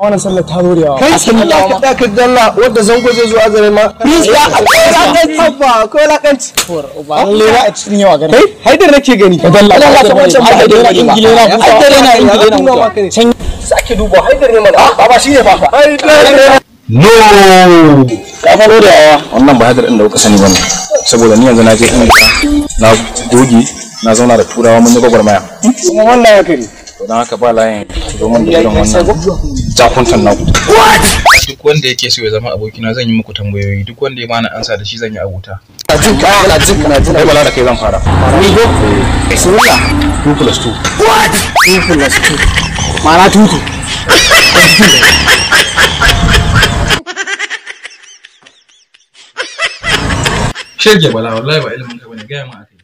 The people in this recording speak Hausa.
wannan sallar ta zo da yawa kai shi Allah ka daka dalla wanda zango zai zo a gare ma ya alakanci ba ko na ba lalle ba a cikin yawa gare kai haidar nake gani ka Allah ka wancan ba haidar na ingile na busa haidar na ingile na can sake duba haidar ne mana ah, ba ba shine ba haidar no ka falo da yawa wannan ba haidar din da kuka sani bane saboda ni yanzu na je inda na goge na zauna da turawa mun yi gwagwarmaya kuma wannan ya kare don haka ba layin domin da irin wannan jakuntan naku duk wanda yake so ya zama abokina zan yi muku tambayoyi duk wanda ya bani ansa da shi zan yi abota na jin ka na jin na jin bala da kai zan fara ni go sunna 2 plus 2 what 2 plus 2 mana tutu shege bala wallahi ba ilimin ka bane ga ma akai